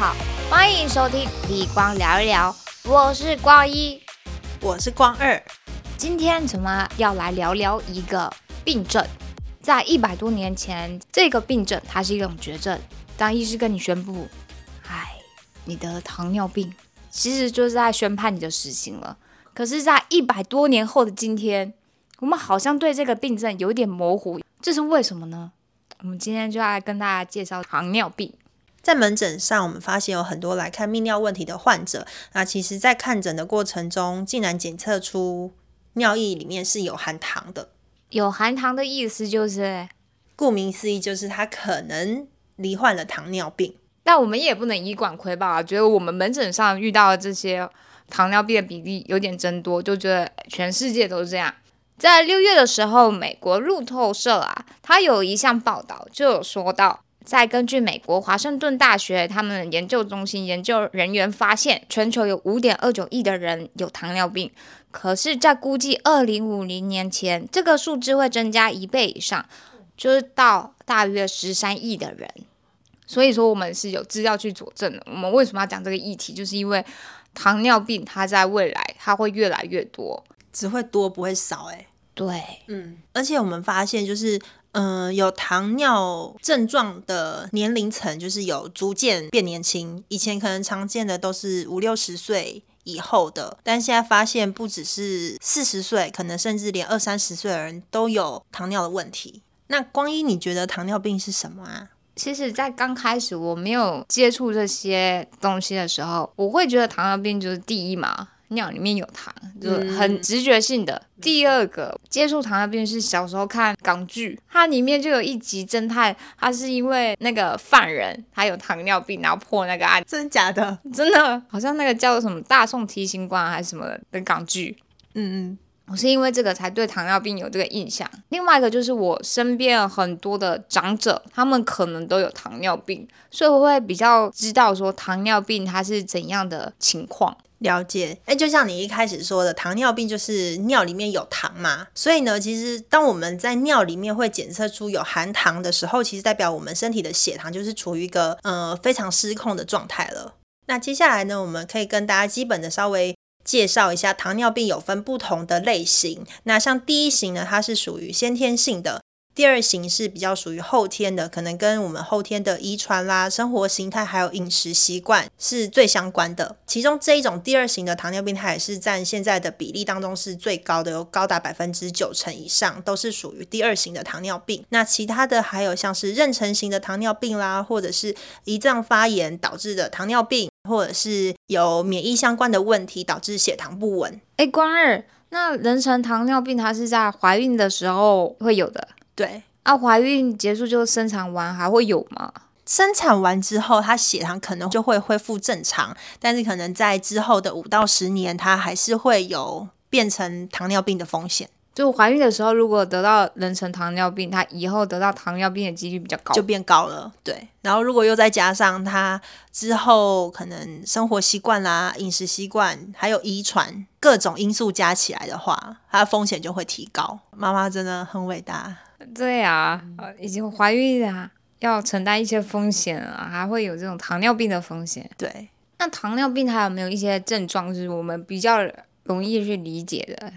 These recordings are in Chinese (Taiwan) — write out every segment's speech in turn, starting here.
好，歡迎收聽《立光聊一聊》，我是光一，我是光二，今天我們要來聊聊一個病症。在一百多年前，這個病症它是一種絕症，當醫師跟你宣布，哎，你得糖尿病，其實就是在宣判你的死刑了。可是，在一百多年後的今天，我們好像對這個病症有點模糊，這是為什麼呢？我們今天就要來跟大家介紹糖尿病。在門診上，我們發現有很多來看泌尿問題的患者。那、啊、其實，在看診的過程中，竟然檢測出尿液裡面是有含糖的。有含糖的意思就是，顧名思義，就是他可能罹患了糖尿病。但我們也不能以管窺豹啊，覺得我們門診上遇到的這些糖尿病的比例有點增多，就覺得全世界都是這樣。在六月的時候，美國路透社啊，它有一項報道就有說到。再根據美國華盛頓大學他們研究中心研究人員發現，全球有五點二九億的人有糖尿病，可是，在估計二零五零年前，這個數字會增加一倍以上，就是到大約十三億的人。所以說，我們是有資料去佐證的。我們為什麼要講這個議題，就是因為糖尿病它在未來它會越來越多，只會多不會少。哎，對，嗯，而且我們發現就是。嗯、呃，有糖尿症狀的年齡層就是有逐漸變年輕，以前可能常見的都是五六十歲以後的，但現在發現不只是四十歲，可能甚至連二三十歲的人都有糖尿的問題。那光一，你覺得糖尿病是什麼啊？其實，在剛開始我沒有接觸這些東西的時候，我會覺得糖尿病就是第一嘛。尿裡面有糖，就是，很直覺性的。嗯、第二個接觸糖尿病是小時候看港劇，它裡面就有一集偵探，他是因為那個犯人他有糖尿病，然後破那個案。真的假的？真的，好像那個叫什麼《大宋提刑官》還是什麼的港劇。嗯嗯。我是因為這個才對糖尿病有這個印象。另外一個就是我身邊很多的長者，他們可能都有糖尿病，所以我會比較知道說糖尿病它是怎樣的情況。了解。哎、欸，就像你一開始說的，糖尿病就是尿裡面有糖嘛。所以呢，其實當我們在尿裡面會檢測出有含糖的時候，其實代表我們身體的血糖就是處於一個，呃，非常失控的狀態了。那接下來呢，我們可以跟大家基本的稍微。介紹一下，糖尿病有分不同的類型，那像第一型呢，它是屬於先天性的；第二型是比較屬於後天的，可能跟我們後天的遺傳啦、生活形態還有飲食習慣是最相關的。其中這一種第二型的糖尿病，它也是佔現在的比例當中是最高的，有高達百分之九成以上都是屬於第二型的糖尿病。那其他的還有像是妊娠型的糖尿病啦，或者是胰臟發炎導致的糖尿病。或者是有免疫相關的問題導致血糖不穩。哎、欸，光二，那妊娠糖尿病它是在懷孕的時候會有的，對啊，懷孕結束就生產完還會有嗎？生產完之後，它血糖可能就會恢復正常，但是可能在之後的五到十年，它還是會有變成糖尿病的風險。就懷孕的時候，如果得到妊娠糖尿病，她以後得到糖尿病的幾率比較高，就變高了。對，然後如果又再加上她之後可能生活習慣啦、飲食習慣，還有遺傳各種因素加起來的話，她風險就會提高。媽媽真的很偉大，對啊，已經懷孕了，要承擔一些風險啊，還會有這種糖尿病的風險。對，那糖尿病它有沒有一些症狀，就是我們比較容易去理解的？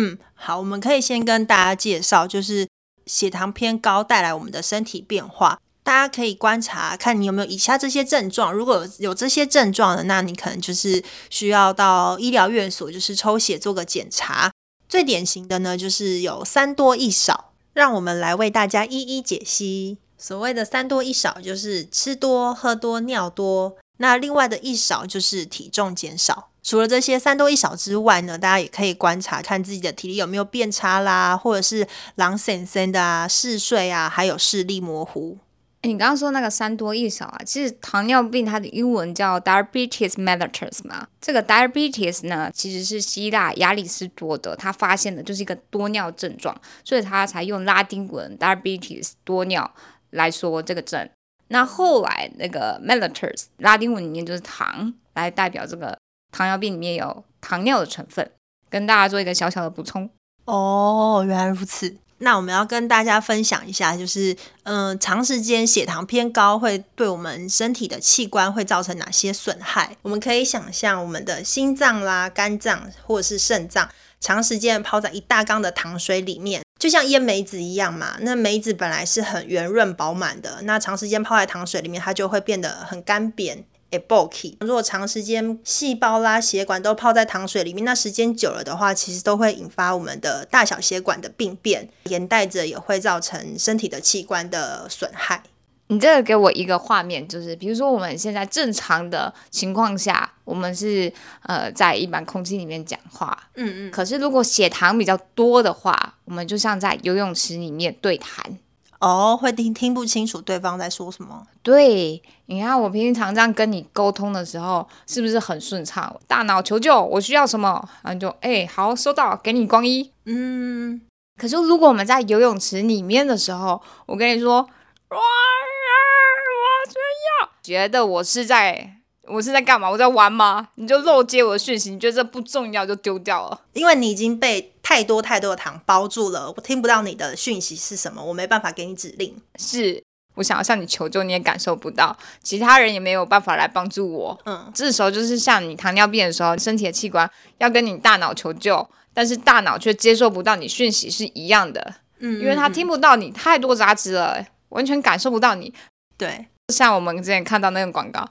嗯，好，我們可以先跟大家介紹，就是血糖偏高帶來我們的身體變化。大家可以觀察，看你有沒有以下這些症狀。如果有，有這些症狀的，那你可能就是需要到醫療院所，就是抽血做個檢查。最典型的呢，就是有三多一少。讓我們來為大家一一解析。所謂的三多一少，就是吃多、喝多、尿多。那另外的一少就是體重減少。除了這些三多一少之外呢，大家也可以觀察看自己的體力有沒有變差啦，或者是懶散散的啊、嗜睡啊，還有視力模糊。欸，你剛剛說那個三多一少啊，其實糖尿病它的英文叫 diabetes mellitus 嘛。這個 diabetes 呢，其實是希臘亞里士多德他發現的，就是一個多尿症狀，所以他才用拉丁文 diabetes 多尿來說這個症。那後來，那個 mellitus 拉丁文裡面就是糖，來代表這個糖尿病裡面有糖尿的成分，跟大家做一個小小的補充。哦，原來如此。那我們要跟大家分享一下，就是嗯、呃，長時間血糖偏高會對我們身體的器官會造成哪些損害？我們可以想象，我們的心臟啦、肝臟或者是腎臟，長時間泡在一大缸的糖水裡面。就像醃梅子一樣嘛，那梅子本來是很圓潤飽滿的，那長時間泡在糖水裡面，它就會變得很乾扁，也 b o。如果長時間細胞啦、血管都泡在糖水裡面，那時間久了的話，其實都會引發我們的大小血管的病變，連帶着也會造成身體的器官的損害。你這個給我一個畫面，就是比如說我們現在正常的情況下。我們是呃在一般空氣裡面講話，嗯嗯。嗯，可是如果血糖比較多的話，我們就像在游泳池裡面對談，哦，會聽聽不清楚對方在說什麼。對，你看我平常這樣跟你溝通的時候，是不是很順暢？大腦求救，我需要什麼？然後你就哎、欸，好，收到，給你光一。嗯。可是如果我們在游泳池裡面的時候，我跟你說，哇啊、我需要，覺得我是在。我是在幹嘛？我在玩嗎？你就漏接我的訊息，你覺得這不重要就丟掉了。因為你已經被太多太多的糖包住了，我聽不到你的訊息是什麼，我沒辦法給你指令。是，我想要向你求救，你也感受不到，其他人也沒有辦法來幫助我。嗯，這時候就是像你糖尿病的時候，身體的器官要跟你大腦求救，但是大腦卻接收不到你訊息是一樣的。嗯，嗯，嗯，因為他聽不到你太多雜質了，完全感受不到你。對，像我們之前看到那個廣告。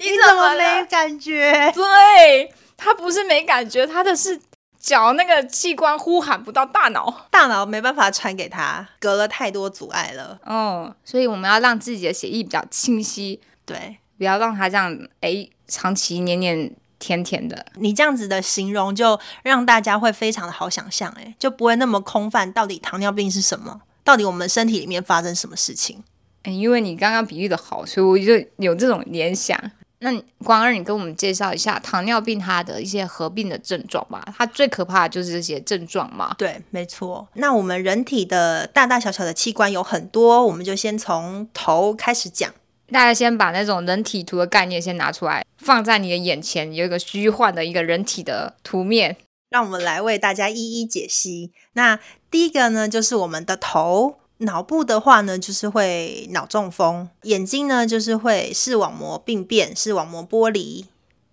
你怎麼沒感覺？對，他不是沒感覺，他的是腳那個器官呼喊不到大腦，大腦沒辦法傳給他，隔了太多阻礙了。哦，oh, 所以我們要讓自己的血液比較清晰，對，不要讓他這樣哎，長期黏黏甜甜的。你這樣子的形容，就讓大家會非常的好想象，哎，就不會那麼空泛。到底糖尿病是什麼？到底我們身體裡面發生什麼事情？誒，因為你剛剛比喻的好，所以我就有這種聯想。.那光兒，你跟我們介紹一下糖尿病它的一些合併的症狀吧。它最可怕的就是這些症狀嗎？對，沒錯。那我們人體的大大小小的器官有很多，我們就先從頭開始講。大家先把那種人體圖的概念先拿出來，放在你的眼前，有一個虛幻的一個人體的圖面，讓我們來為大家一一解析。那第一個呢，就是我們的頭。腦部的話呢，就是會腦中風；眼睛呢，就是會視網膜病變、視網膜剝離，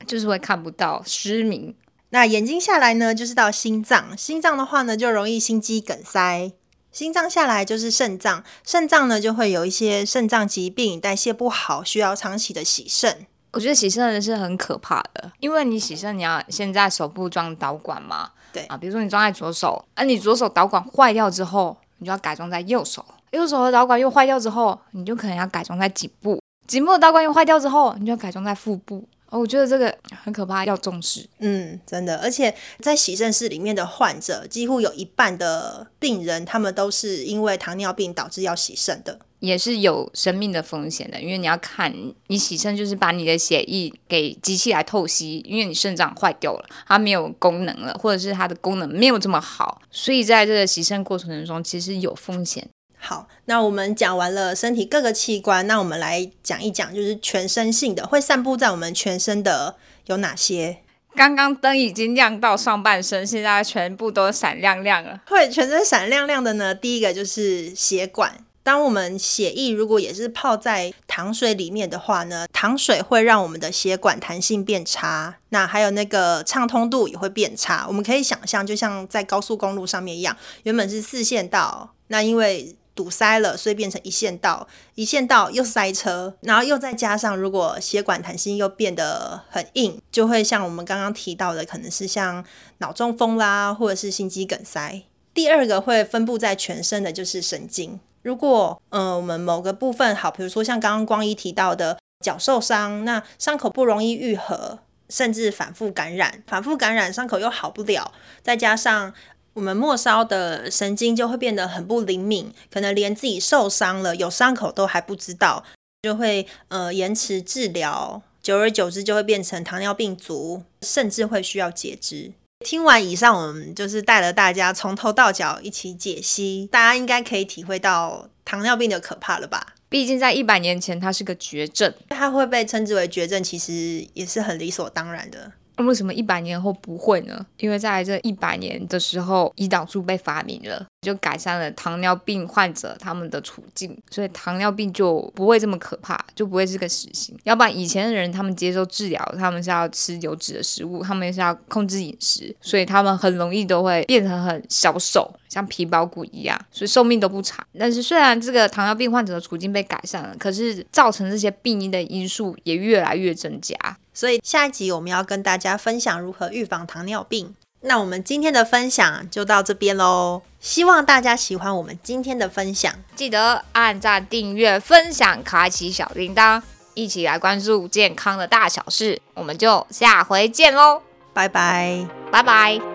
就是會看不到、失明。那眼睛下來呢，就是到心臟，心臟的話呢，就容易心肌梗塞；心臟下來就是腎臟，腎臟呢就會有一些腎臟疾病、代謝不好，需要長期的洗腎。我覺得洗腎的人是很可怕的，因為你洗腎，你要先在手部裝導管嘛，對啊，比如說你裝在左手，而、啊、你左手導管壞掉之後，你就要改裝在右手，右手的導管又壞掉之後，你就可能要改裝在頸部，頸部的導管又壞掉之後，你就要改裝在腹部。哦，我覺得這個很可怕，要重視。嗯，真的，而且在洗腎室裡面的患者，幾乎有一半的病人，他們都是因為糖尿病導致要洗腎的。也是有生命的風險的，因為你要看你洗腎，就是把你的血液給機器來透析，因為你腎臟壞掉了，它沒有功能了，或者是它的功能沒有這麼好，所以在這個洗腎過程中其實有風險。好，那我們講完了身體各個器官，那我們來講一講就是全身性的、會散布在我們全身的有哪些？剛剛燈已經亮到上半身，現在全部都閃亮亮了。會全身閃亮亮的呢？第一個就是血管。當我們血液如果也是泡在糖水裡面的話呢，糖水會讓我們的血管彈性變差，那還有那個暢通度也會變差。我們可以想象，就像在高速公路上面一樣，原本是四線道，那因為堵塞了，所以變成一線道，一線道又塞車，然後又再加上如果血管彈性又變得很硬，就會像我們剛剛提到的，可能是像腦中風啦，或者是心肌梗塞。第二個會分布在全身的就是神經。如果呃，我們某個部分好，比如說像剛剛光一提到的腳受傷，那傷口不容易愈合，甚至反覆感染，反覆感染傷口又好不了，再加上我們末梢的神經就會變得很不靈敏，可能連自己受傷了有傷口都還不知道，就會呃，延遲治療，久而久之就會變成糖尿病足，甚至會需要截肢。聽完以上，我們就是帶了大家從頭到腳一起解析，大家應該可以體會到糖尿病的可怕了吧？畢竟在一百年前，它是個絕症，它會被稱之為絕症，其實也是很理所當然的。那為什麼一百年後不會呢？因為在這一百年的時候，胰島素被發明了，就改善了糖尿病患者他們的處境，所以糖尿病就不會這麼可怕，就不會是個死刑。要不然以前的人，他們接受治療，他們是要吃油脂的食物，他們是要控制飲食，所以他們很容易都會變成很消瘦，像皮包骨一樣，所以壽命都不長。但是雖然這個糖尿病患者的處境被改善了，可是造成這些病因的因素也越來越增加。所以下一集我們要跟大家分享如何預防糖尿病。那我們今天的分享就到這邊嘍，希望大家喜歡我們今天的分享，記得按讚、訂閱、分享、開啟小鈴鐺，一起來關注健康的大小事。我們就下回見嘍，拜拜 bye，拜拜。